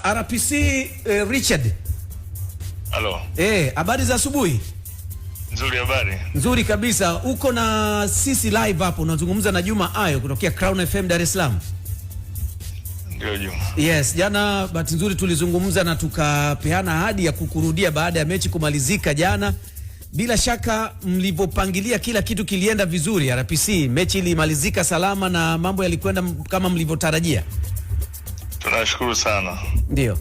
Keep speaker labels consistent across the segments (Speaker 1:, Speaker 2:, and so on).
Speaker 1: RPC eh, Richard. Halo. Eh, habari za asubuhi.
Speaker 2: Nzuri habari.
Speaker 1: Nzuri kabisa. Uko na sisi live hapo unazungumza na Juma Ayo kutokea Crown FM Dar es Salaam. Ndio Juma. Yes, jana bahati nzuri tulizungumza na tukapeana ahadi ya kukurudia baada ya mechi kumalizika jana. Bila shaka mlivyopangilia kila kitu kilienda vizuri RPC. Mechi ilimalizika salama na mambo yalikwenda kama mlivyotarajia.
Speaker 2: Tunashukuru sana. Ndio.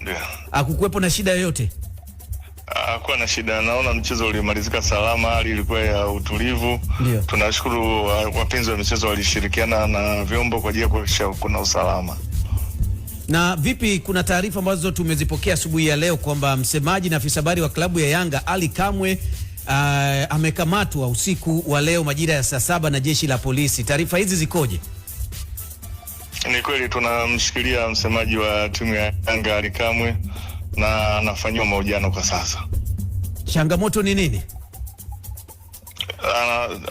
Speaker 2: Ndio.
Speaker 1: Hakukuwepo na shida yoyote?
Speaker 2: Hakuwa na shida, naona mchezo ulimalizika salama, hali ilikuwa ya utulivu. Ndio. Tunashukuru wapenzi wa michezo walishirikiana na vyombo kwa ajili ya kuhakikisha kuna usalama.
Speaker 1: Na vipi, kuna taarifa ambazo tumezipokea asubuhi ya leo kwamba msemaji na afisa habari wa klabu ya Yanga Ali Kamwe uh, amekamatwa usiku wa leo majira ya saa saba na jeshi la polisi. Taarifa hizi zikoje?
Speaker 2: Ni kweli tunamshikilia msemaji wa timu ya Yanga Ally Kamwe na anafanyiwa mahojiano kwa sasa.
Speaker 1: Changamoto ni nini?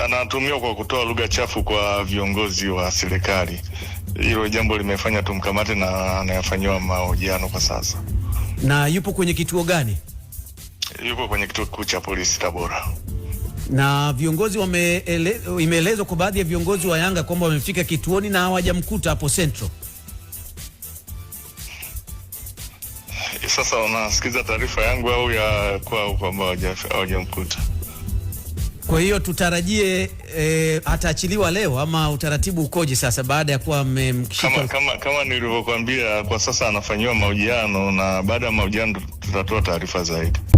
Speaker 2: Anatumiwa kwa kutoa lugha chafu kwa viongozi wa serikali. Hilo jambo limefanya tumkamate na anayafanyiwa mahojiano kwa sasa.
Speaker 1: Na yupo kwenye kituo gani?
Speaker 2: Yupo kwenye kituo kikuu cha polisi Tabora
Speaker 1: na viongozi imeelezwa kwa baadhi ya viongozi wa Yanga kwamba wamefika kituoni na hawajamkuta hapo Central.
Speaker 2: Eh, sasa unasikiza taarifa yangu au ya kwao kwamba hawajamkuta?
Speaker 1: Kwa hiyo tutarajie e, ataachiliwa leo ama utaratibu ukoje sasa baada ya kuwa amemkishika?
Speaker 2: Kama, kama, kama nilivyokuambia, kwa sasa anafanyiwa mahojiano na baada ya mahojiano tutatoa taarifa zaidi.